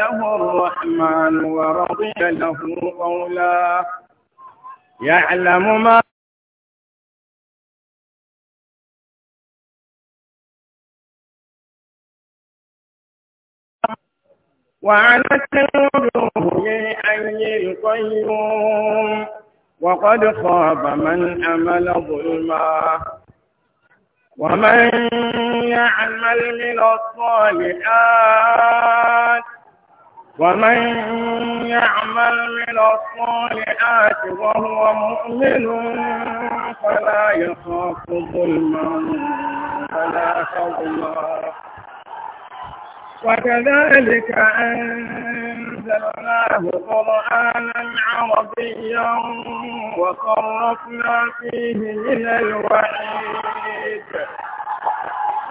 له الرحمن ورضي له قولا يعلم ما وعنت الوجوه للحي القيوم وقد خاب من أمل ظلما ومن يعمل من الصالحات ومن يعمل من الصالحات وهو مؤمن فلا يخاف ظلما ولا فضلا وكذلك أنزلناه قرآنا عربيا وصرفنا فيه من الوعيد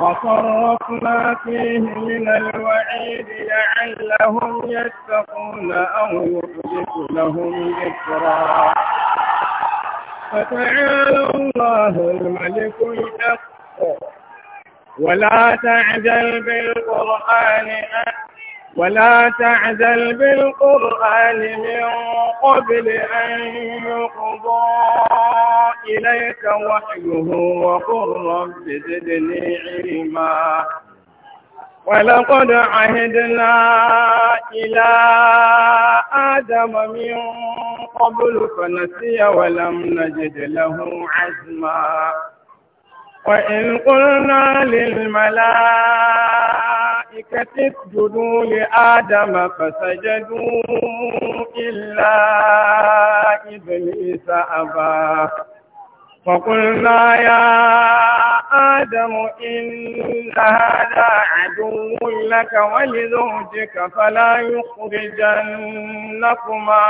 وصرفنا فيه من الوعيد لعلهم يتقون أو يحدث لهم ذكرا فتعالى الله الملك الحق ولا تعجل بالقرآن ولا تعزل بالقرآن من قبل أن يقضى إليك وحيه وقل رب زدني علما ولقد عهدنا إلى آدم من قبل فنسي ولم نجد له عزما وإن قلنا للملائكة الملائكة اسجدوا لآدم فسجدوا إلا إبليس أبى فقلنا يا آدم إن هذا عدو لك ولزوجك فلا يخرجنكما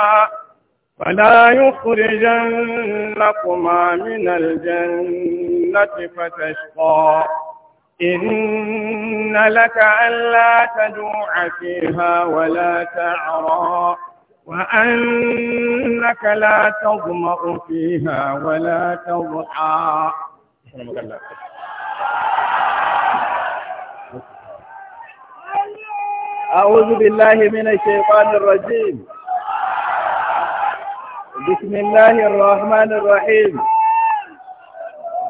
فلا يخرجنكما من الجنة فتشقى إن لك ألا تجوع فيها ولا تعرى وأنك لا تظمأ فيها ولا تضحى أعوذ بالله من الشيطان الرجيم بسم الله الرحمن الرحيم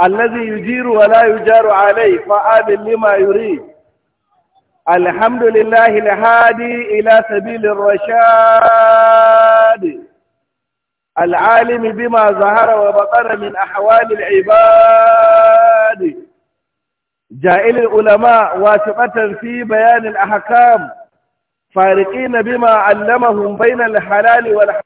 الذي يجير ولا يجار عليه فآذن لما يريد الحمد لله الهادي إلى سبيل الرشاد العالم بما ظهر وبطن من أحوال العباد جائل العلماء واثقة في بيان الأحكام فارقين بما علمهم بين الحلال والحرام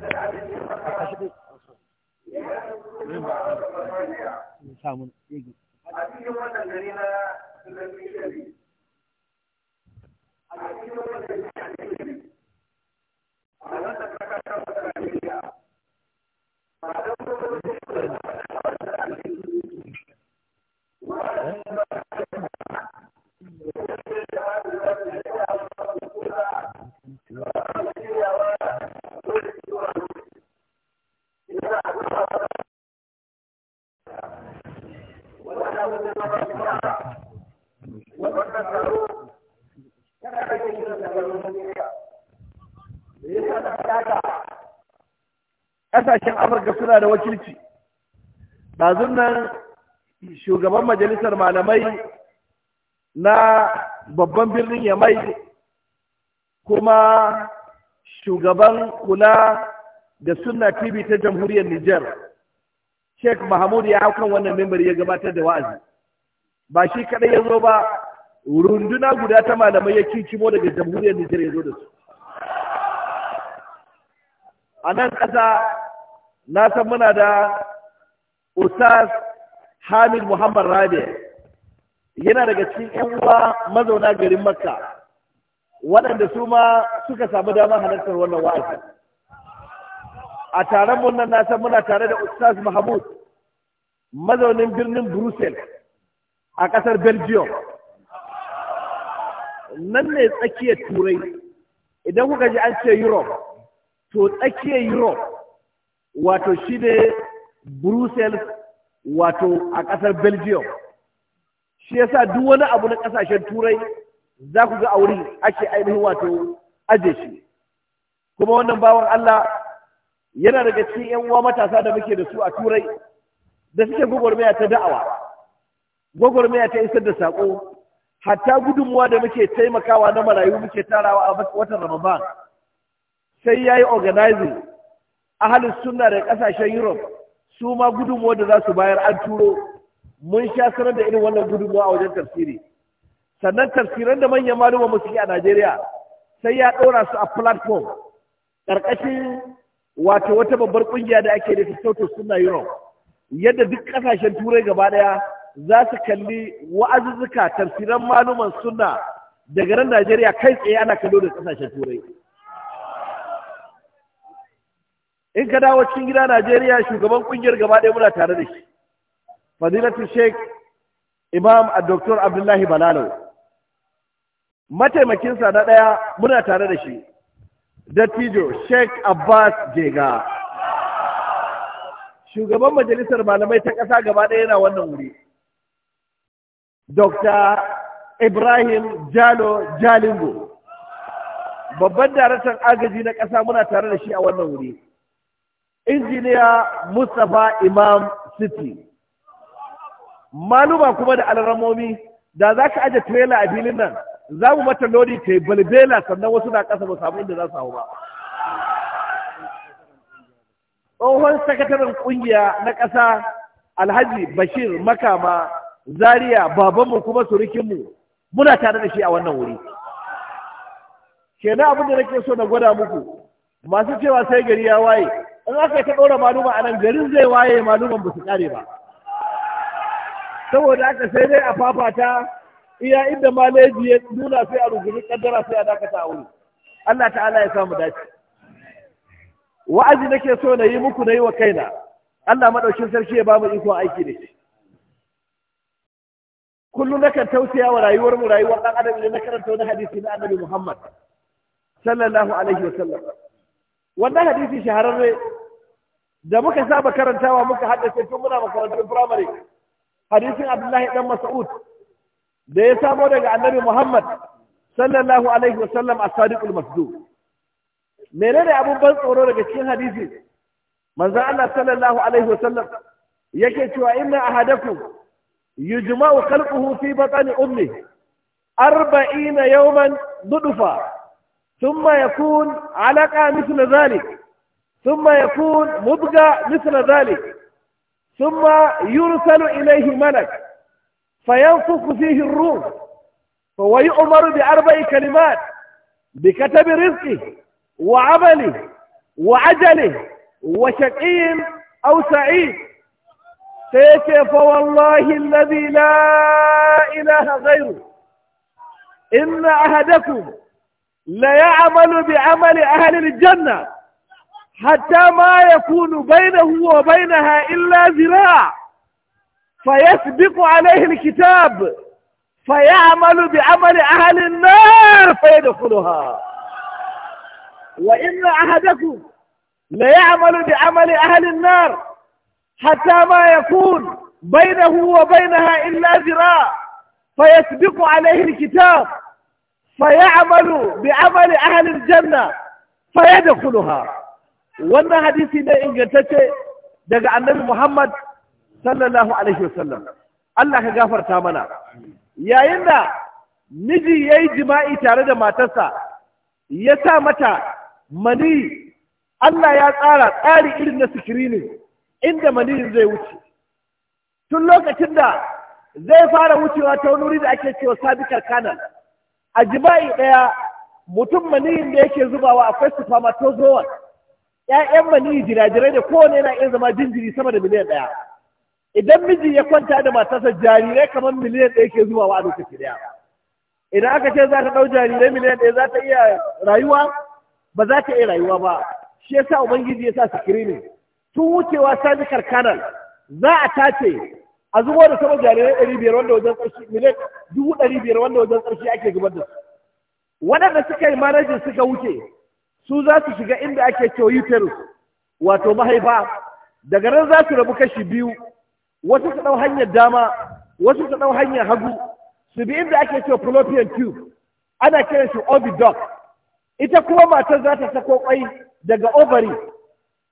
a cikin wannan gari na lalmi a kasashen afirka suna da wakilci ɗazun nan shugaban majalisar malamai na babban birnin yamai kuma shugaban kula da sunna tv ta jamhuriyar Nijar, sheikh mahmud ya haukan wannan membar ya gabatar da wa'azi ba shi kaɗai ya zo ba runduna guda ta malamai ya kicimo daga jamhuriyar Nijar ya zo da su a nan ƙasa na san muna da Ustaz Hamid Muhammad Rabe yana daga cikin 'yan uwa mazauna garin Makka waɗanda su ma suka samu damar halartar wannan wa'azi a taron mun nan na san muna tare da Ustaz Mahmud mazaunin birnin Brussels a ƙasar Belgium nan ne tsakiyar Turai idan kuka ji an ce Europe to tsakiyar Europe wato shi ne brussels wato a ƙasar belgium shi ya sa duk wani abu na ƙasashen turai za ku ga a wuri ake ainihin wato aje shi kuma wannan bawan allah yana daga cikin yan uwa matasa da muke da su a turai da suke gwagwarmaya ta da'awa gwagwarmaya ta isar da saƙo hatta gudunmuwa da muke taimakawa na marayu muke tarawa a watan ramadan sai ya yi organizing ahalin suna da kasashen europe su ma gudunmuwa da za su bayar an turo mun sha sanar da irin wannan gudunmuwa a wajen tafsiri sannan tafsiran da manyan maluma mu suke a najeriya sai ya ɗora su a platform ƙarƙashin wato wata babbar ƙungiya da ake da sautin suna europe yadda duk ƙasashen turai gaba ɗaya za su kalli wa'azuzzuka tafsiran maluman suna daga nan najeriya kai tsaye ana kallo da ƙasashen turai in ka dawo cikin gida Najeriya shugaban kungiyar gaba ɗaya muna tare da shi Fadilatu sheikh imam dr abdullahi balalo mataimakinsa na ɗaya muna tare da shi dattijo sheikh abbas jega shugaban majalisar malamai ta ƙasa gaba ɗaya yana wannan wuri dr ibrahim jalo jalingo babban daraktan agaji na ƙasa muna tare da shi a wannan wuri injiniya mustapha imam city maluma kuma da alramomi da za ka aje trailer a filin nan za mu mata lodi ta balbela sannan wasu na kasa ba samu inda za su hau ba tsohon sakataren ƙungiya na ƙasa alhaji bashir makama zaria babanmu kuma surukinmu muna tare da shi a wannan wuri kenan abin da nake so na gwada muku masu cewa sai gari ya waye in aka ta ɗora maluma a nan garin zai waye maluman ba su ƙare ba saboda haka sai dai a fafata iya inda maleji ya nuna sai a rugumi ƙaddara sai a dakata a wuri Allah ta'ala ya samu dace wa'azi nake so na yi muku na yi wa kaina Allah maɗaukin sarki ya ba mu ikon aiki ne. Kullum kullum nakan tausaya wa rayuwar mu rayuwar ɗan adam idan na karanta wani hadisi na Annabi Muhammad sallallahu alaihi wa sallam wannan hadisi shahararre da muka saba karantawa muka haddace tun muna makarantun firamare hadisin abdullahi dan mas'ud da ya samo daga annabi muhammad sallallahu alaihi wasallam as-sadiqul masduq menene abun ban tsoro daga cikin hadisi manzon Allah sallallahu alaihi wasallam yake cewa inna ahadakum yujma'u khalquhu fi batni ummihi 40 yawman dudufa thumma yakun alaqa mithla dhalik ثم يكون مبقى مثل ذلك ثم يرسل إليه ملك فينفخ فيه الروح فهو يؤمر بأربع كلمات بكتب رزقه وعمله وعجله وشقي أو سعيد سيك فوالله الذي لا إله غيره إن أهدكم ليعمل بعمل أهل الجنة حتى ما يكون بينه وبينها إلا ذراع فيسبق عليه الكتاب فيعمل بعمل أهل النار فيدخلها وإن أحدكم ليعمل بعمل أهل النار حتى ما يكون بينه وبينها إلا ذراع فيسبق عليه الكتاب فيعمل بعمل أهل الجنة فيدخلها wannan hadisi ne ingantacce daga annabi Muhammad sallallahu alaihi wasallam Allah ka gafarta mana yayin da miji yayi jima'i tare da matarsa ya sa mata mani Allah ya tsara tsari irin na sikirinin inda maniyin zai wuce tun lokacin da zai fara wucewa ta wani wuri da ake cewa sabikar kanan a jima'i ɗaya mutum maniyin da yake zubawa akwai spermatozoa ‘ya'yan mani jirajirai da kowane yana iya zama jinjiri sama da miliyan ɗaya idan miji ya kwanta da matarsa jarirai kamar miliyan ɗaya ke zuwa a lokaci ɗaya idan aka ce za ta ɗau jarirai miliyan ɗaya za ta iya rayuwa ba za ta iya rayuwa ba shi ya sa ubangiji ya sa sikirini tun wucewa sani karkanar za a tace a zubo da sama jarirai ɗari biyar wanda wajen ƙarshe miliyan dubu ɗari biyar wanda wajen ƙarshe ake zubar da su waɗanda suka yi manajin suka wuce su za su shiga inda ake cewa uterus wato mahaifa daga nan za su rabu kashi biyu wasu su ɗau hanyar dama wasu su ɗau hanyar hagu su bi inda ake cewa fallopian tube ana kiran shi oviduct ita kuma matar za ta sako kwai daga ovary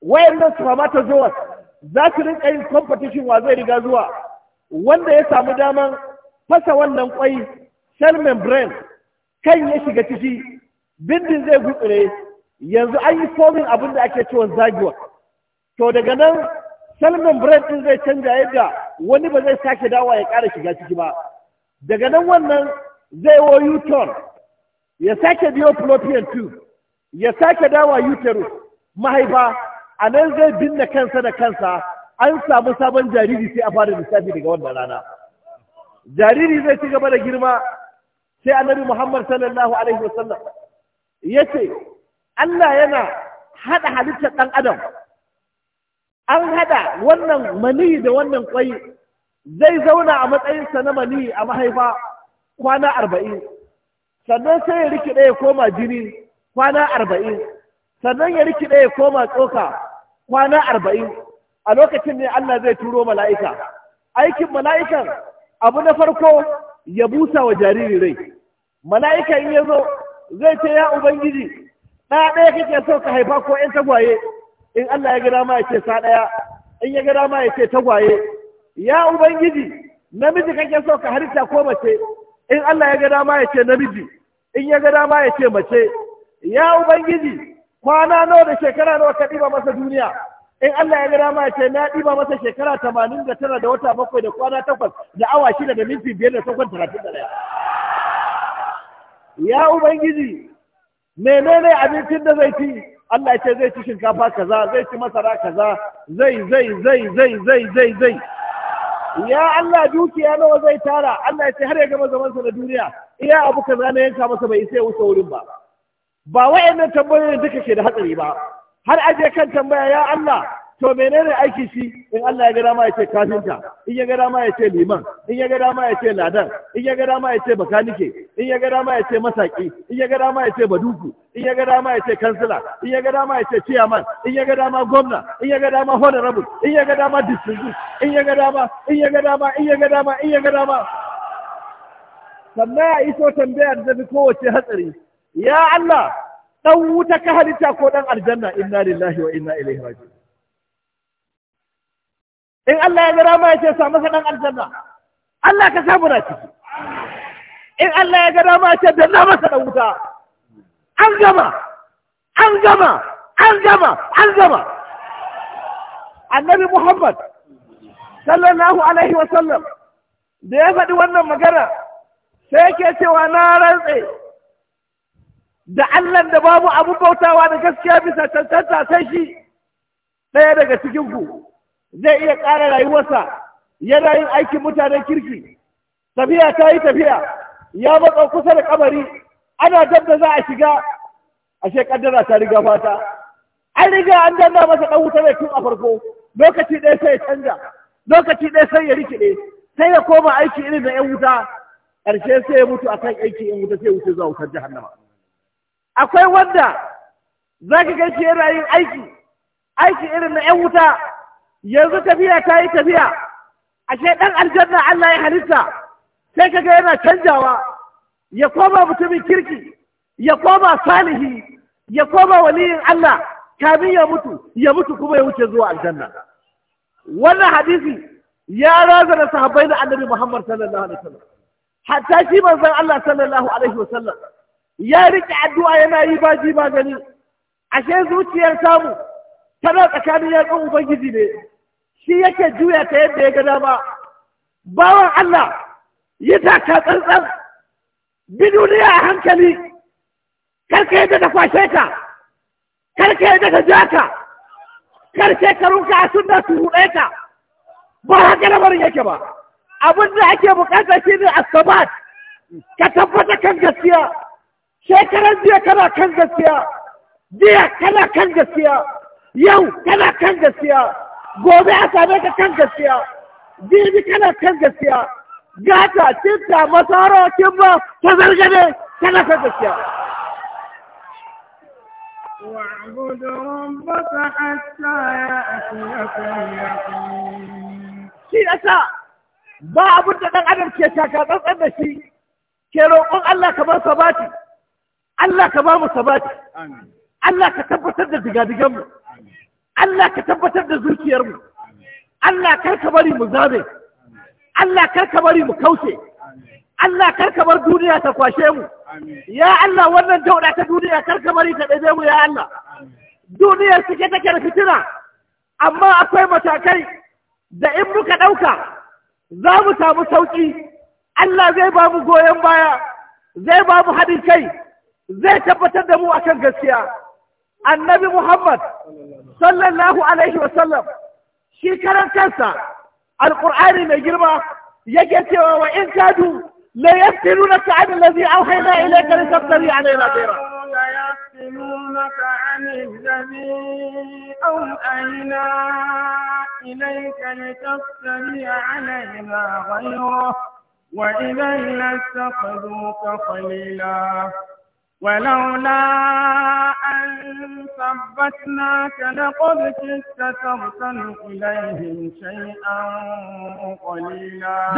Wayan wayannan zuwa za su rinka yin competition wa zai riga zuwa wanda ya samu daman fasa wannan kwai cell membrane kan ya shiga ciki bindin zai gutsure yanzu an yi fomin abin da ake cewa zagiwa to daga nan salman brand din zai canja yadda wani ba zai sake dawa ya ƙara shiga ciki ba daga nan wannan zai wo u-turn ya sake biyo fallopian tube ya sake dawa uterus mahaifa a nan zai binne kansa da kansa an samu sabon jariri sai a fara lissafi daga wannan rana jariri zai ci gaba da girma sai annabi muhammad sallallahu alaihi wasallam ya ce Allah yana haɗa halittar ɗan adam an haɗa wannan mani da wannan ƙwai zai zauna a matsayinsa na mani a mahaifa kwana arba'in sannan sai ya rikide ya koma jini kwana arba'in sannan ya rikide ya koma tsoka kwana arba'in a lokacin ne Allah zai turo mala'ika aikin mala'ikan abu na farko ya busa wa jariri rai mala'ikan in ya zo zai ce ya ubangiji ɗaya ɗaya kake so ka haifa ko in tagwaye in Allah ya gada ma ya ce sa ɗaya in ya gada ma ya ce tagwaye ya ubangiji namiji kake so ka harita ko mace in Allah ya gada ma ya ce namiji in ya gada ma ya ce mace ya ubangiji kwana nawa da shekara nawa ka ɗiba masa duniya in Allah ya gada ma ya ce na ɗiba masa shekara tamanin da tara da wata bakwai da kwana takwas da awa shida da minti biyar da sakon talatin da ɗaya ya ubangiji menene abincin da zai ci Allah ya ce zai ci shinkafa kaza zai ci masara kaza zai zai zai zai zai zai zai ya Allah dukiya nawa zai tara Allah ya ce har ya gama sa na duniya iya abu kaza na yanka masa bai sai wuce wurin ba ba wa'annan tambayoyin duka ke da hatsari ba har aje kan tambaya ya Allah to menene aiki shi in Allah ya ga dama ya ce kafinta in ya ga dama ya ce liman in ya ga dama ya ce ladan in ya ga dama ya ce bakanike in ya ga dama ya ce masaki in ya ga dama ya ce baduku in ya ga dama ya ce kansila in ya ga dama ya ce chairman in ya ga dama gwamna in ya ga dama honorable in ya ga dama district in ya ga dama in ya ga dama in ya ga dama in ya ga dama sannan ya iso tambaya da zafi kowace hatsari ya Allah dan wuta ka halitta ko dan aljanna inna lillahi wa inna ilaihi raji'un in Allah ya gara ma ya ce samu ka dan aljanna Allah ka samu na ciki in Allah ya gara ma ya ce danna masa dan wuta an gama an gama an gama an gama annabi Muhammad sallallahu alaihi wa sallam da ya faɗi wannan magana sai yake cewa na rantse da Allah da babu abin bautawa da gaskiya bisa cancanta sai shi ɗaya daga cikin ku zai iya ƙara rayuwarsa yana yin aikin mutanen kirki tafiya ta yi tafiya ya matsa kusa da kamari ana dab da za a shiga ashe kaddara ta riga fata an riga an danna masa dan wuta mai tun a farko lokaci ɗaya sai ya canja lokaci ɗaya sai ya rikide sai ya koma aiki irin da yan wuta ƙarshe sai ya mutu akan aiki yan wuta sai wuce zuwa wutar jahannama akwai wanda za ka gaishe yana yin aiki aiki irin na yan wuta yanzu tafiya ta yi tafiya ashe ɗan aljanna Allah ya halitta sai kaga yana canjawa ya koma mutumin kirki ya koma salihi ya koma waliyin Allah kamin ya mutu ya mutu kuma ya wuce zuwa aljanna wannan hadisi ya razana sahabbai da annabi Muhammad sallallahu alaihi wasallam hatta shi manzon Allah sallallahu alaihi wasallam ya rike addu'a yana yi baji ba gani ashe zuciyar samu tana tsakanin yatsun ubangiji ne shi yake juya ta yadda ya gada ba. bawan Allah yi taka tsantsan bi duniya a hankali karka yadda ta kwashe ka karka yadda ta ja ka karshe karunka a sunna su ruɗe ka ba haka lamarin yake ba abin da ake bukata shi ne asabat ka tabbata kan gaskiya shekaran jiya kana kan gaskiya jiya kana kan gaskiya yau kana kan gaskiya gobe a same ka kan gaskiya jibi kana kan gaskiya gata cinta masaro kimba ta zargane kana kan gaskiya Shi ربك sa ba abin da ɗan adam ke taka tsantsan da shi ke roƙon Allah ka ba sabati Allah ka ba mu sabati Allah ka tabbatar da diga mu Allah ka tabbatar da zuciyarmu Allah kar ka bari mu zabe Allah kar ka bari mu kauce Allah kar ka bar duniya ta kwashe mu ya Allah wannan dauda ta duniya kar ka bari ta ɗabe mu ya Allah duniyar suke take da fitina amma akwai matakai da in muka ɗauka za mu samu sauƙi Allah zai ba mu goyon baya zai ba mu haɗin kai zai tabbatar da mu akan gaskiya annabi Muhammad sallallahu alaihi wasallam shi karan kansa alqur'ani mai girma yake cewa wa in kadu la yaftinunaka an allazi awhayna ilayka litaftaru alaina ghayra يسألونك عن الذي أوحينا إليك لتفتري علينا غيره وإلينا اتخذوك خليلا ولولا أن ثبتناك لقد كدت تركن إليهم شيئا قليلا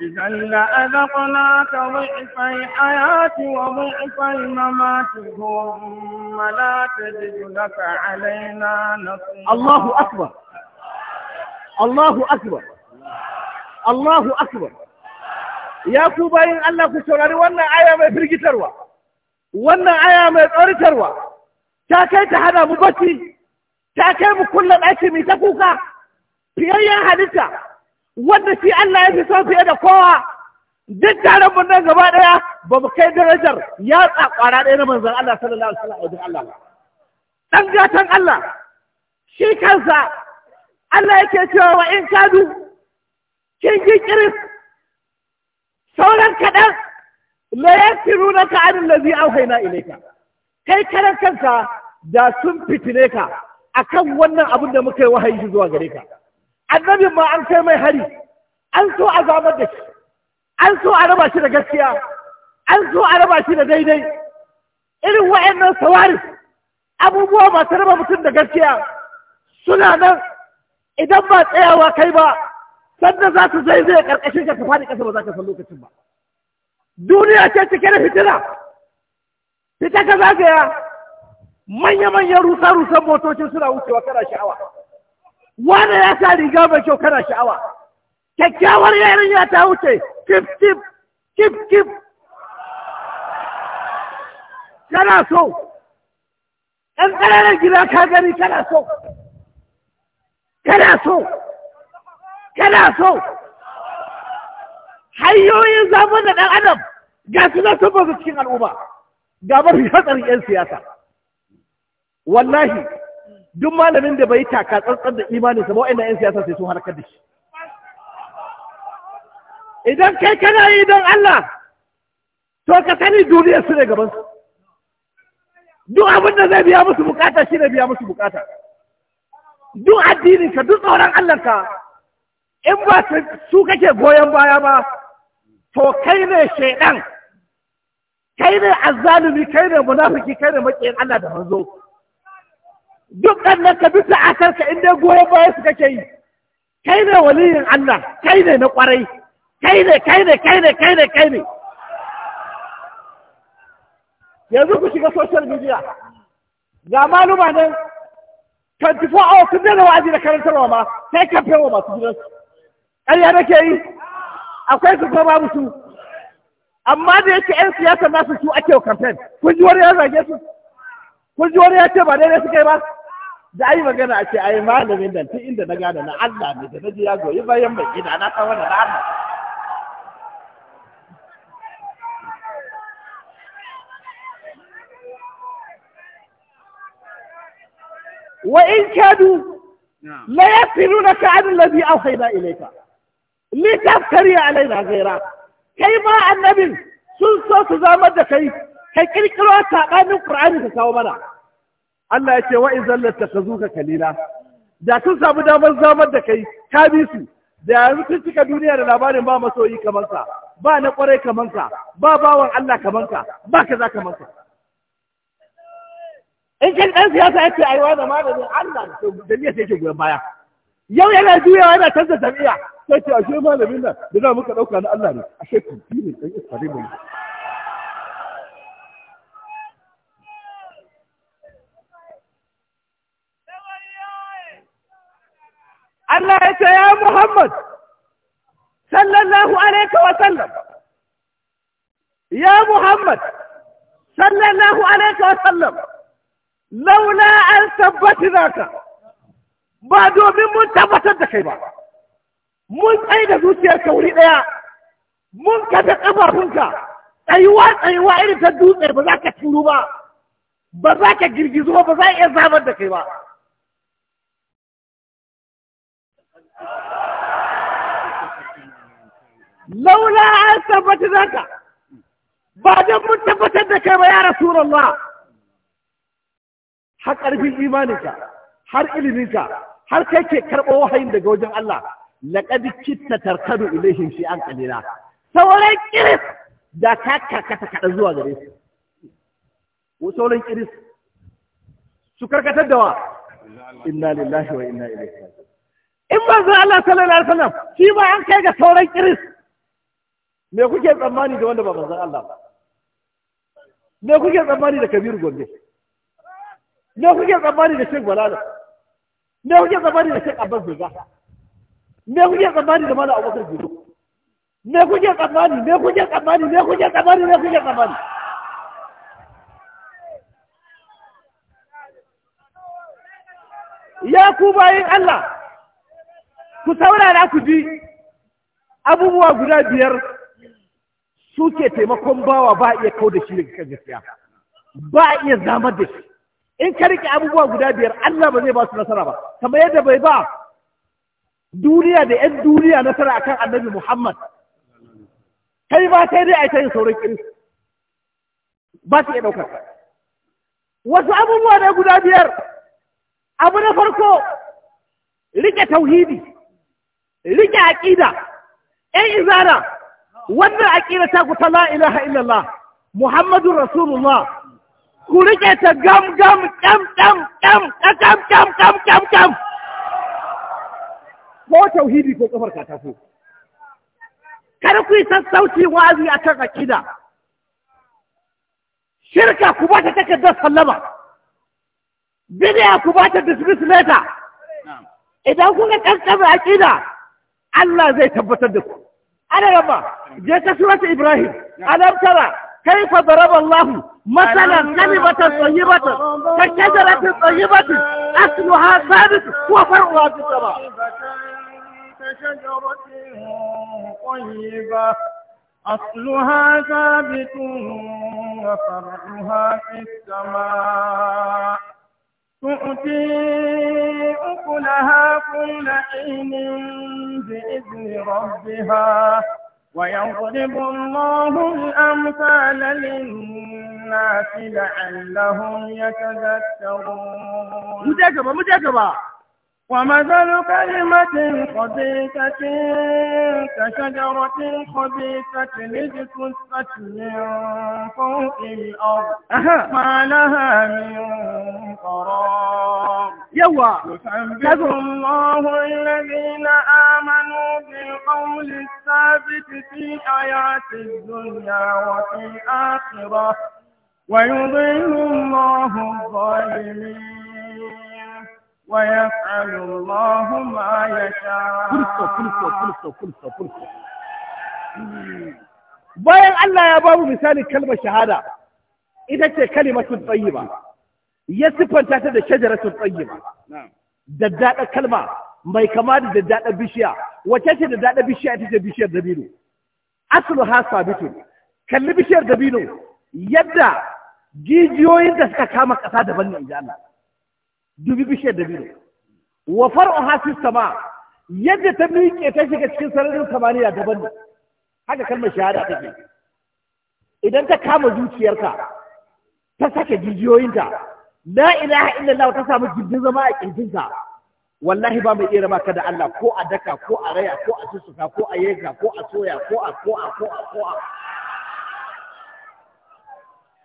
إذا لأذقناك ضعفي حياة وضعف الممات ثم لا تجد لك علينا نصيرا الله أكبر الله أكبر الله أكبر ya ku bayin Allah ku saurari wannan aya mai firgitarwa wannan aya mai tsoritarwa ta kai ta hada mu bacci ta kai mu kullum ɗaki mai ta kuka fiyayyen halitta wanda shi Allah ya fi son fiye da kowa duk taron mun nan gaba ɗaya ba mu kai darajar ya tsakwara ɗaya na manzon Allah sallallahu alaihi wasallam wajen Allah dan gatan Allah shi kansa Allah yake cewa wa in kadu kin kiris sauran kaɗan la yasirunaka anil ladhi awhayna ilayka kai karan kanka da sun fitine ka akan wannan abin da muka yi wahayi zuwa gare ka annabin ma an kai mai hari an so a zamar da shi an so a raba shi da gaskiya an so a raba shi da daidai irin wa'annan sawari abubuwa masu raba mutum da gaskiya suna nan idan ba tsayawa kai ba sanda za su zai zai karkashin ka ta ƙasa ba za ka san lokacin ba duniya ce cike da fitina fita ka zagaya manya-manyan rusa-rusan motocin suna wucewa kana sha'awa wanda ya sa riga mai kyau kana sha'awa kyakkyawar yayin ya ta wuce kif kif kif kif kana so ɗan ƙananan gida ka gani kana so kana so kana so hanyoyin zaɓar da ɗan adam ga su na tabbar bazu cikin al'umma ga mafi hatsarin 'yan siyasa wallahi duk malamin da bai taka tsantsan da imanin sa ba'ina 'yan siyasa sai sun harkar da shi idan kai kana yi don Allah to ka sani duniyar su ne gaban su duk abin da zai biya musu bukata shi ne biya musu bukata duk addinin ka duk tsoron Allah ka in ba su kake goyon baya ba to kai ne shaidan kai ne azzalumi kai ne munafiki kai ne makiyin Allah da manzo duk annan ka bi ta'atar ka inda goyon baya su ke yi kai ne waliyin Allah kai ne na kwarai kai ne kai ne kai ne kai ne kai ne yanzu ku shiga social media ga maluma nan 24 hours sun dena wa'azi da karantarwa ma sai kamfe wa masu gidansu ƙarya nake yi akwai su ko babu su amma da yake yan siyasa nasu su ake wa kamfen. kun ji wani ya zage su kun ji wani ya ce ba daidai suka yi ba da ayi magana a ce ayi malamin nan tun inda na gane na Allah ne da naji ya goyi bayan mai gida na san da na Allah wa in kadu la yafirunaka an alladhi awhayna ilayka li tafkari na gaira kai ma annabin sun so su zamar da kai ka kirkiro saɓanin qur'ani ka kawo mana Allah ya ce wa idan latakazuka kalila da sun samu damar zamar da kai ka bi su da yanzu sun cika duniya da labarin ba masoyi kamar ka ba na kwarai kamar ka ba bawan Allah kamar ka ba kaza kamar ka in kan ɗan siyasa ya ce ai wani Allah da niyyar yake goyon baya yau yana juyawa yana canza jami'a sai ce ashe malamin nan da za muka ɗauka na Allah ne ashe kifi ne ɗan iska ne mai Allah ya ce ya Muhammad sallallahu alaihi wa sallam ya Muhammad sallallahu alaihi wa sallam laula an tabbatinaka ba domin mun tabbatar da kai ba mun tsaye da zuciyarka wuri ɗaya mun kafe ƙafafunka tsayuwa tsayuwa irin ta dutse ba za ka turu ba ba za ka girgizu ba ba za a iya zamar da kai ba laula an tabbata ka, ba don mun tabbatar da kai ba ya rasulullah har ƙarfin imaninka har iliminka har kai ke karɓo wahayin daga wajen Allah laqad kitta tarkadu ilaihim an qalila sauran kiris da ka karkata kada zuwa gare su ko kiris su karkatar da wa inna lillahi wa inna ilaihi raji'un in manzo Allah sallallahu alaihi wasallam shi ma an kai ga sauran kiris me kuke tsammani da wanda ba manzo Allah me kuke tsammani da Kabiru Gombe me kuke tsammani da Sheikh Balala me kuke tsammani da Sheikh Abbas Zuga me kuke tsammani da mala abubakar jiro me kuke tsammani me kuke tsammani me kuke tsammani me kuke tsammani ya ku bayin Allah ku saurara ku ji abubuwa guda biyar suke taimakon bawa ba iya kau da shi daga kan gaskiya ba iya zamar da shi in ka rike abubuwa guda biyar Allah ba zai ba su nasara ba kamar yadda bai ba duniya da ‘yan duniya na tara akan annabi Muhammad, kai ba sai a yi ta yin sauran kiri, ba su iya ɗaukar. Wasu abubuwa ne guda biyar, abu na farko, rike tauhidi, rike aƙida, ‘yan izara, wannan aƙida ta ku la Muhammadu illallah, Muhammadun Rasulullah, ku rike ta gam gam, ƙam ƙam ko tauhidi ko kafar katako kar ku yi sassauci wazi a kan akida shirka ku ba ta takardar sallama bidiya ku ba ta dismiss letter idan kuka kankama akida Allah zai tabbatar da ku ana raba je ka surata Ibrahim alam tara kaifa daraba Allah مثلا كلمة طيبة كشجرة طيبة أصلها ثابت وفرعها في السماء كشجرة طيبة أصلها ثابت وفرعها في السماء تؤتي أكلها كل حين بإذن ربها ويضرب الله الأمثال للناس لعلهم يتذكرون مجاكبة مجاكبة ومثل كلمة خبيثة كشجرة خبيثة اجتثت من فوق الأرض أها. ما لها من قرار يوا يثبت الله الذين آمنوا بالقول الثابت في حياة الدنيا وفي الآخرة ويضل الله الظالمين ويفعل الله ما يشاء bayan Allah ya babu misali kalmar shahada ita ce kalimatun tsayiba ya siffanta ta da shajaratun tsayiba daddaɗa kalma mai kama da daddaɗa bishiya Wace ce daddaɗa bishiya ita ce bishiyar dabino asulu ha sabitun kalli bishiyar dabino yadda jijiyoyin da suka kama ƙasa daban ne inji Allah dubi bishiyar da biyu wa far'uha fi sama yadda ta miƙe ta shiga cikin sararin samaniya daban ne haka kalmar shahada take idan ta kama zuciyarka ta sake jijiyoyinta la ilaha illallah ta samu gindin zama a kirjinka wallahi ba mai iya ka da Allah ko a daka ko a raya ko a sussuka ko a yanka ko a soya ko a ko a ko a ko a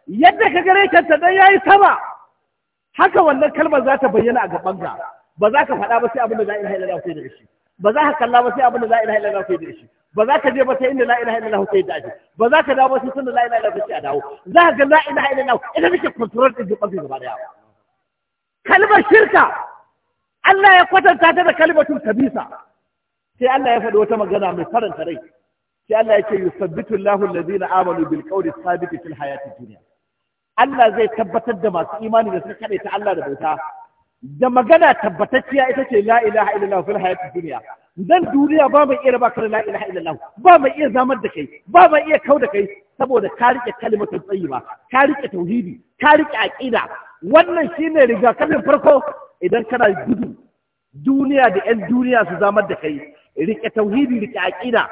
yadda ka gare kanta dan yi sama haka wannan kalmar za ta bayyana a gaban ka ba za ka faɗa ba sai abin da la ilaha illallah kai da shi ba za ka kalla ba sai abin da la ilaha illallah kai da shi ba za ka je ba sai inda la ilaha illallah kai da shi ba za ka dawo ba sai sanda la ilaha illallah kai a dawo za ka ga la ilaha illallah ina nake control din gaban gaba daya kalmar shirka Allah ya kwatanta ta da kalmatul kabisa sai Allah ya faɗi wata magana mai faranta rai sai Allah ya ce yusabbitu Allahu alladhina amanu bil qawli thabiti fil hayati dunya Allah zai tabbatar da masu imani da suka kaɗaita Allah da bauta da magana tabbatacciya ita ce la ilaha illallah fil hayati dunya dan duniya ba mai iya baka la ilaha illallah ba mai iya zamar da kai ba mai iya kau da kai saboda ka rike kalimatu tayyiba ka rike tauhidi ka rike aqida wannan shine rigakafin farko idan kana gudu duniya da yan duniya su zamar da kai rike tauhidi rike aqida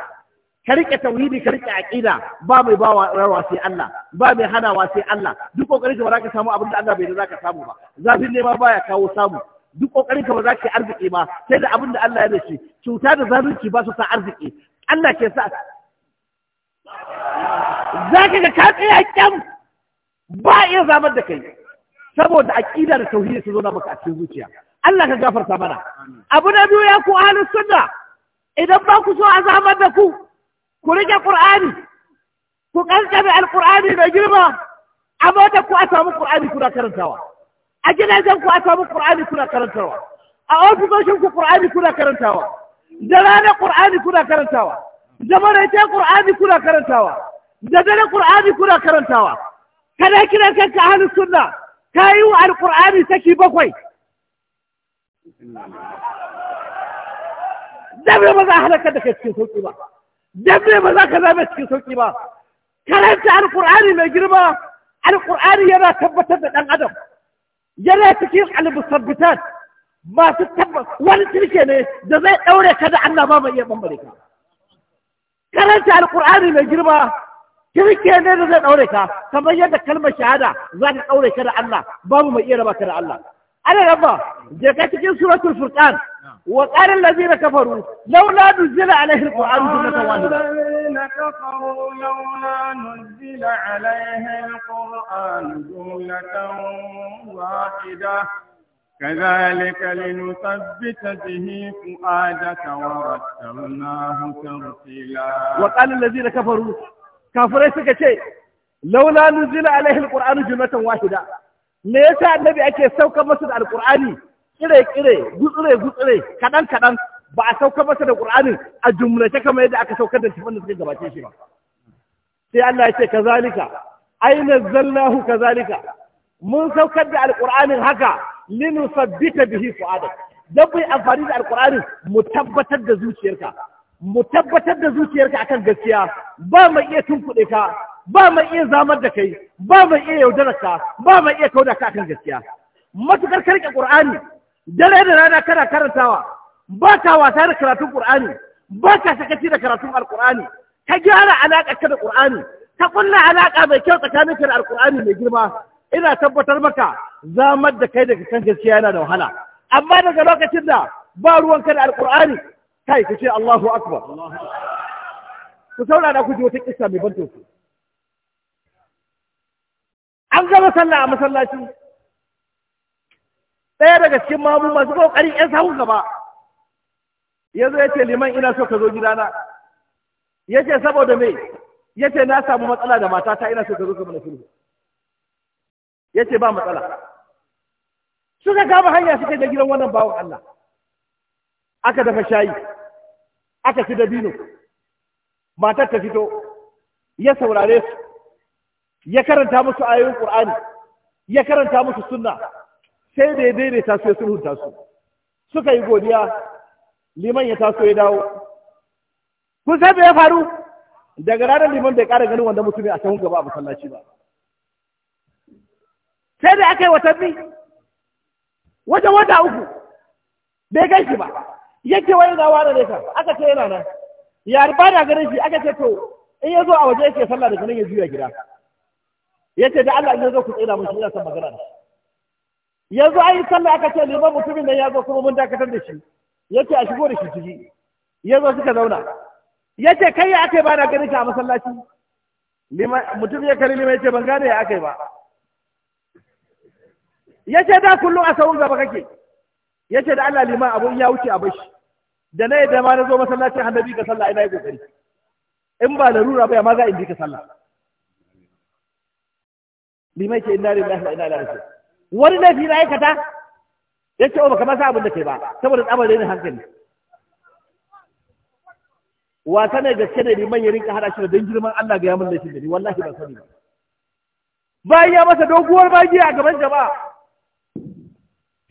ka rike tauhidi ka rike aqida ba mai bawa rawa sai Allah ba mai sai Allah duk kokarin ka ba za ka samu abin da Allah bai da ka samu ba zafin ne ma baya kawo samu duk kokarin ka ba za arziki ba sai da abin da Allah ya dace, cuta da zalunci ba su sa arziki Allah ke sa za ka ga ka tsaya ba iya zamar da kai saboda aqida da tauhidi su zo na maka a cikin zuciya Allah ka gafarta mana abu na biyu ya ku ahlus sunna idan ba ku so a zamar da ku كرجة القرآن كقل سمع القرآن بجربة عبادة كأسام القرآن كنا كرن سوا أجل أزم كأسام القرآن كنا كرن سوا أعوذ بشم كقرآن كنا كرن سوا زمان القرآن كنا كرن سوا زمان أتى القرآن كنا كرن سوا زمان القرآن كنا كرن سوا كنا كنا كنا أهل السنة كايو على القرآن سكي بخوي دبل ما أهلك كذا كذا dan ba za ka zame cikin sauƙi ba karanta Alƙur'ani mai girma Alƙur'ani yana tabbatar da ɗan adam yana cikin albusabbitat masu tabbas wani tirke ne da zai ɗaure ka da Allah ba mai iya bambare ka karanta Alƙur'ani mai girma tirke ne da zai ɗaure ka kamar yadda kalmar shahada za ka ɗaure ka da Allah babu mai iya raba ka da Allah ana raba je ka cikin suratul furqan وقال الذين كفروا لولا نزل عليه القرآن جملة واحدة الذين كفروا لولا نزل عليه القرآن جملة واحدة كذلك لنثبت به فؤادك ورتلناه ترتيلا وقال الذين كفروا كافرين سكتي لولا نزل عليه القرآن جملة واحدة me yasa annabi ake saukar masa da alqur'ani kire-kire, gutsire-gutsire, kaɗan-kaɗan ba a sauka masa da ƙur'anin a jumlace kamar yadda aka saukar da tafin da suke gabace shi ba. Sai Allah ya ce, kazalika, aina zallahu kazalika, mun saukar da alƙur'anin haka linu sabbita bihi fu'adak. don bai amfani da alƙur'anin mu tabbatar da zuciyarka. Mu tabbatar da zuciyarka akan gaskiya ba mai iya tunkuɗe ka, ba mai iya zamar da kai, ba mai iya yaudarar ka, ba mai iya kauda ka akan gaskiya. Matukar karke Ƙur'ani dare da rana kana karantawa ba ka wasa da karatun Qur'ani ba ka sakaci da karatun Alqur'ani ka gyara alaƙa ka da Qur'ani ka kunna alaƙa mai kyau tsakanin ka da Alqur'ani mai girma ina tabbatar maka zamar da kai daga kan gaskiya yana da wahala amma daga lokacin da ba ruwan ka da Alqur'ani kai ka ce Allahu akbar ku saurara ku ji wata kissa mai ban tausayi an gama sallah a masallacin. ɗaya daga cikin mamu masu ƙoƙarin ƴan sahun gaba ya zo ya ce liman ina so ka zo gidana ya ce saboda me ya ce na samu matsala da matata ina so ka zo ka mana sulhu ya ce ba matsala suka kama hanya suka je gidan wannan bawan Allah aka dafa shayi aka ci dabino matar ta fito ya saurare su ya karanta musu ayoyin Qur'ani ya karanta musu sunna sai da ya daidaita su ya sulhunta su suka yi godiya liman ya taso ya dawo kun san me ya faru daga ranar liman bai ƙara ganin wanda mutum a sahun gaba a masallaci ba sai da aka yi watanni wajen wata uku bai gan shi ba yake wani na wani ne aka ce yana nan ya ba da ganin shi aka ce to in ya zo a waje yake sallah daga nan ya juya gida yace da Allah in ya zo ku tsira mun shi ina son magana da shi yanzu an yi sallah aka ce liman mutumin nan ya zo kuma mun dakatar da shi Ya ce a shigo da shi ciki ya zo suka zauna Ya ce kai ya aka yi ba na ganin ka a masallaci mutum ya kalli liman ce ban gane ya aka yi ba Ya ce da kullum a sahun gaba kake ce da Allah liman abun ya wuce a bashi da na yadda ma na zo masallacin annabi ka sallah ina yi kokari in ba larura ba ma za in bi ka sallah Liman ce inna lillahi wa inna ilaihi raji'un wani laifi na aikata ya ce o oh, baka masa abin da ke ba saboda tsabar da hankali wasa ne gaske da liman ya rinka hada shi da don girman Allah ga yamin laifin da ni wallahi ba sani ba bayan ya masa doguwar bagi a gaban jama'a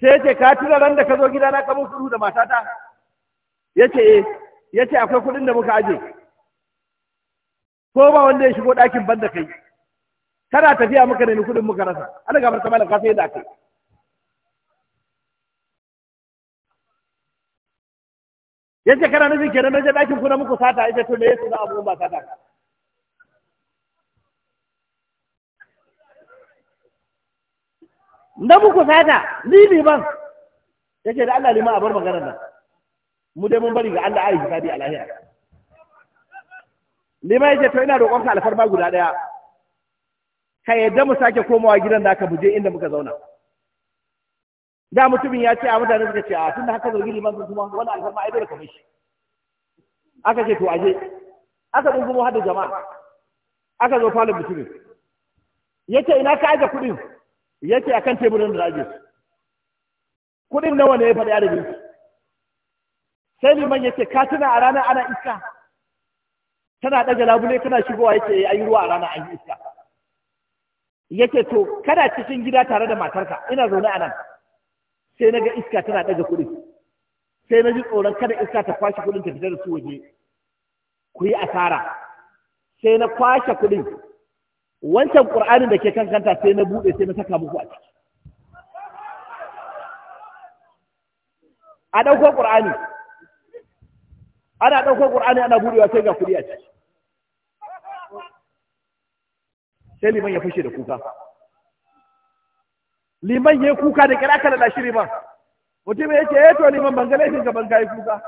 sai ya ce ka tura ran da ka zo gida na kamar suru da matata ya ce eh ya ce akwai kuɗin da muka aje ko ba wanda ya shigo ɗakin ban da kai kana tafiya muka nemi kuɗin muka rasa ana ga ta malam ka sai da aka yace kana nufi kenan na je ɗakin kuna muku sata yace to me yasa abu ba sata na muku sata ni liman yace da Allah liman a bar maganar nan mu dai mun bari ga Allah ayi hisabi a lahira liman yace to ina roƙon ka alfarma guda ɗaya ka yadda mu sake komawa gidan da aka buje inda muka zauna da mutumin ya ce a mutane suka ce a tun da haka zargi liman kuma wani alfarma ai dole ka mishi aka ce to aje aka dungumo har da jama'a aka zo falon mutumin yace ina ka aje kuɗin yace akan teburin da aje kuɗin nawa ne ya faɗi adadin sai liman yace ka tuna a ranar ana iska tana ɗaga labule kana shigowa yace ayi ruwa a ranar an yi iska yake to kana cikin gida tare da matarka ina zaune a nan sai na ga iska tana ɗaga kuɗi sai na ji tsoron kada iska ta kwashe kuɗin ta fitar da su waje ku yi asara sai na kwashe kuɗin wancan ƙur'anin da ke kankanta sai na buɗe sai na saka muku a ciki a ɗauko ƙur'ani ana ɗauko ƙur'ani ana buɗewa sai ga kuɗi a ciki sai liman ya fushe da kuka liman ya kuka da kira aka lalashi liman mutum ya ce ya eh to liman ban ga laifin ka ban kuka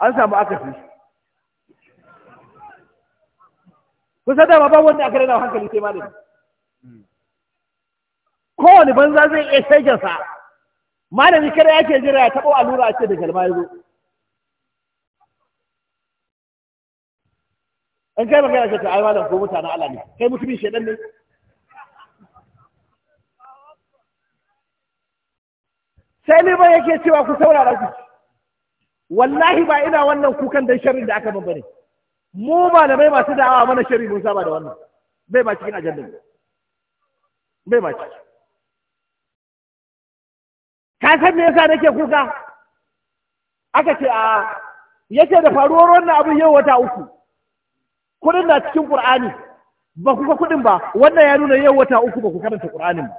an samu akasi kusa da ba wanda aka rana hankali sai malami kowane banza zai iya shagensa malami kada yake jira ya taɓo allura a ce da galma ya zo in kai magana ce ta aiwalan malam ko mutanen Allah ne kai mutumin shedan ne sai ne ba yake cewa ku saurara ku wallahi ba ina wannan kukan dan sharri da aka babbare mu malamai masu da'awa mana sharri mun saba da wannan bai ba cikin ajandar bai ba ciki ka san me yasa nake kuka aka ce a yace da faruwar wannan abin yau wata uku kudin na cikin Qur'ani ba ku ga kudin ba wannan ya nuna yau wata uku ba ku karanta Qur'anin ba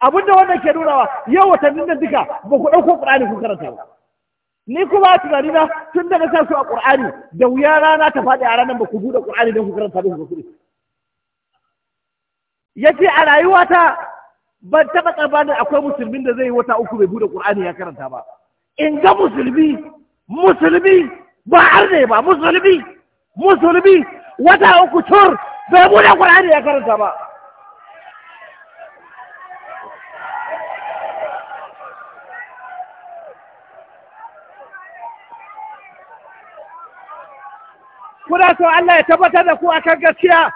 abinda wannan ke nunawa yau watannin nan duka ba ku ɗauko ƙur'ani ku karanta ba ni kuma a tunani na tun da na sa su a ƙur'ani da wuya rana ta faɗi a ranar ba ku buɗe ƙur'ani don ku karanta ba ku Ya ce a rayuwata ban taɓa tsammanin akwai musulmin da zai yi wata uku bai buɗe Qur'ani ya karanta ba in ga musulmi musulmi ba arne ba musulmi musulmi wata uku tur bai bude ƙur'ani ya karanta ba kuna so Allah ya tabbatar da ku akan gaskiya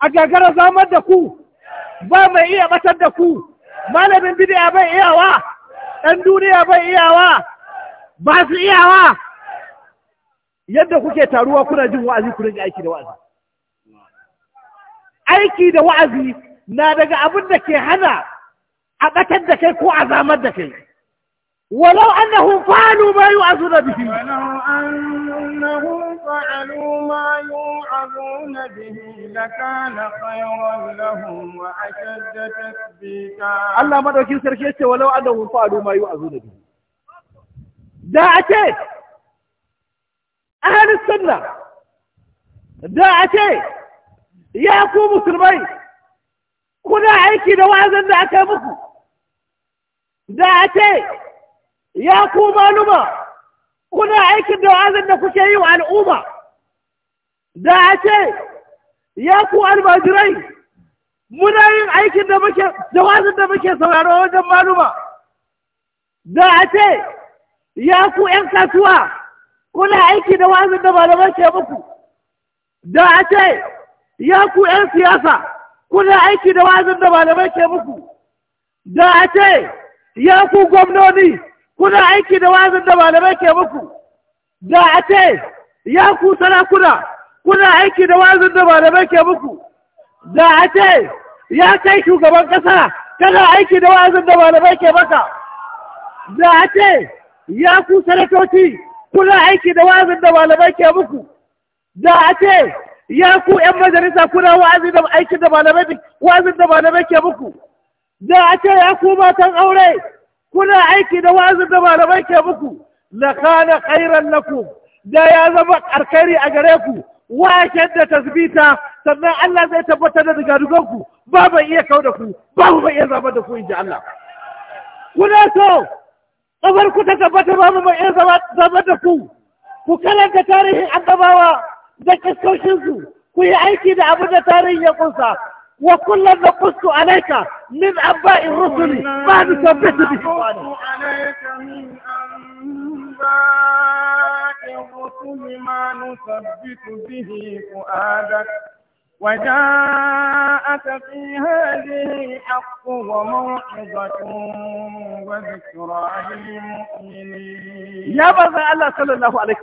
a gagara zamar da ku ba mai iya batar da ku malamin bidiya bai iyawa ɗan duniya bai iyawa ba su iyawa yadda kuke taruwa kuna jin wa'azi kuna ji aiki da wa'azi aiki da wa'azi na daga abin da ke hana a ɓatar da kai ko a zamar da kai ولو أنهم فعلوا ما يوعظون به ولو أنهم فعلوا ما يوعظون به لكان خيرا لهم وأشد تثبيتا الله ما دوكين سركيته ولو أنهم فعلوا ما يوعظون به da a ce ahalin sunna da a ce ya ku musulmai kuna aiki da wazan da aka muku da a ce ya ku maluma kuna aikin da wazan da kuke yi wa al'umma da a ce ya ku almajirai muna yin aikin da muke da wazan da muke sauraro wajen maluma da a ce ya ku ‘yan kasuwa kuna aiki da wazin da malaman ke muku da a ce ya ku ‘yan siyasa kuna aiki da wazin da malaman ke muku da a ce ya ku gwamnoni kuna aiki da wazin da malaman ke muku da a ce ya ku sarakuna kuna aiki da wazin da malaman ke muku da a ce ya kai shugaban ƙasa kana aiki da wazin da malaman ke maka da a ce ya ku sanatoci kuna aiki da wa'azin da malamai ke muku da a ce ya ku ‘yan majalisa kuna wa'azin da aiki da malamai wazin da malamai ke muku da a ce ya ku matan aure kuna aiki da wa'azin da malamai ke muku la kana khairan lakum da ya zama karkari a gare ku waken da tasbita sannan Allah zai tabbatar da ku, ba ban iya kau da ku ba ban iya zama da ku in ji Allah kuna so zabar ku ta tabbata ba mu mai zama da ku ku karanta tarihin annabawa da kiskoshinsu ku yi aiki da abin da tarihin ya kunsa wa kullum da kustu alaika min an ba in tabbata ba الرسل ما نثبت به فؤادك وجاء معك في هذه الحق وموعظة وذكرى للمؤمنين يا بابا الله صلى الله عليه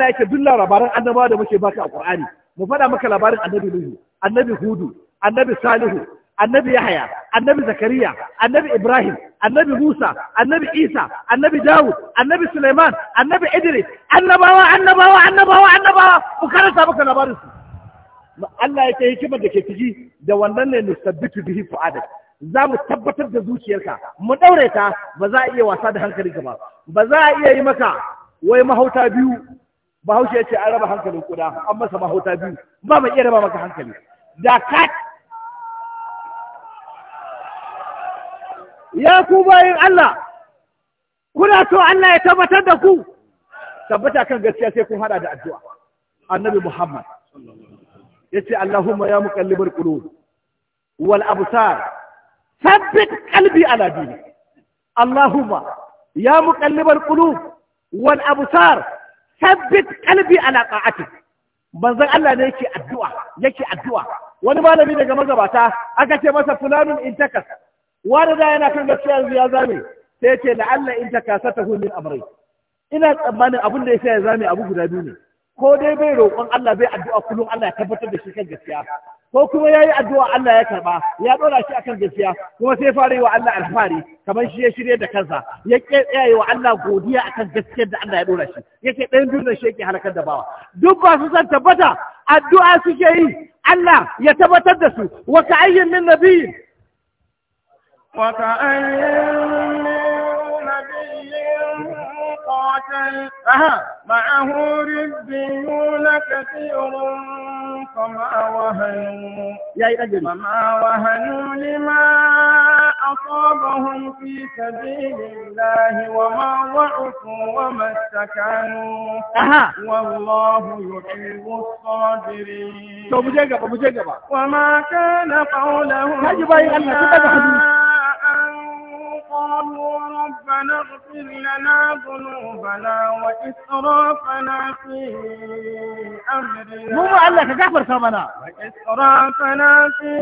yake duk labaran annabawa da muke bata a Qur'ani mu faɗa maka labarin annabi Nuhu annabi Hudu annabi Salihu annabi Yahaya annabi Zakariya annabi Ibrahim annabi Musa annabi Isa annabi Dawud annabi Sulaiman, annabi Idris annabawa annabawa annabawa annabawa ku karanta maka labarin su Allah yake hikimar da ke ciki da wannan ne nusabbitu bihi fu'adak za mu tabbatar da zuciyarka mu daure ta ba za a iya wasa da hankali ba ba za a iya yi maka wai mahauta biyu bahaushe ya ce an raba hankalin kuda an masa mahauta biyu ba mu iya raba maka hankali da ka ya ku bayin Allah kuna so Allah ya tabbatar da ku tabbata kan gaskiya sai kun hada da addu'a annabi Muhammad yace Allahumma ya muqallibal qulub wal absar thabbit qalbi ala dinik Allahumma ya muqallibal qulub wal absar thabbit qalbi ala ta'atik manzon Allah ne yake addu'a yake addu'a wani malami daga magabata aka ce masa fulanun intakas wani da yana kan gaskiya yanzu ya zame sai ce la'alla intakasatahu min amrai ina tsammanin abin da ya sa ya zame abu guda biyu ne ko dai bai roƙon Allah bai addu'a kullum Allah ya tabbatar da shi kan gaskiya ko kuma yayi addu'a Allah ya karba ya dora shi akan gaskiya kuma sai fara wa Allah alfari kamar shi ya shirye da kansa ya ke wa Allah godiya akan gaskiyar da Allah ya dora shi yake ɗayan duk da shi yake halakar da bawa duk ba su san tabbata addu'a suke yi Allah ya tabbatar da su wa ka'ayyin min nabiyyin wa ka'ayyin قاتل أها معه ربيون كثير فما وهنوا يا رجل فما وهنوا لما أصابهم في سبيل الله وما ضعفوا وما استكانوا أها والله يحب الصابرين وما كان قولهم قالوا ربنا اغفر لنا ذنوبنا وإسرافنا في أمرنا مو الله تكبر كمنا وإسرافنا في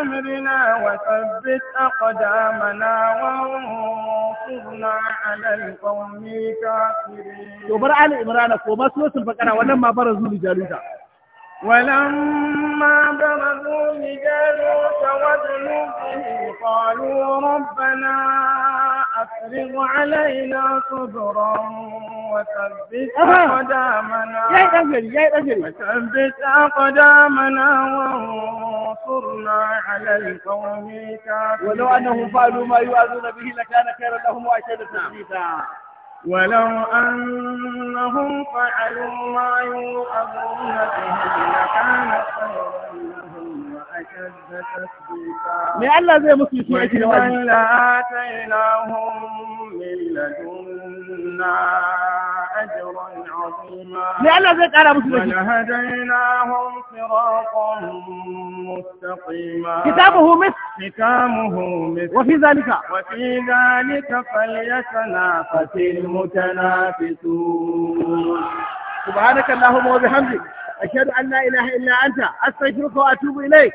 أمرنا وثبت أقدامنا وانصرنا على القوم الكافرين وبرعلي الإمرانة وما سوى الفقرة ولما برزوا لجالوتا ولما فلما بلغوا لجالوت وجنوده قالوا ربنا أفرغ علينا صبرا وثبت أقدامنا وثبت أقدامنا وانصرنا على القوم الكافرين ولو أنهم فعلوا ما يؤذون به لكان خيرا لهم وأشد تثبيتا ولو أنهم فعلوا ما يوعظون به لكان خيرا من الله زي مسلم سمعي آتيناهم من لدنا أجرا عظيما من الله زي مسلم سمعي ونهديناهم صراطا مستقيما كتابه مثل كتابه مثل وفي ذلك وفي ذلك فليتنافس المتنافسون سبحانك اللهم وبحمدك أشهد أن لا إله إلا أنت أستغفرك وأتوب إليك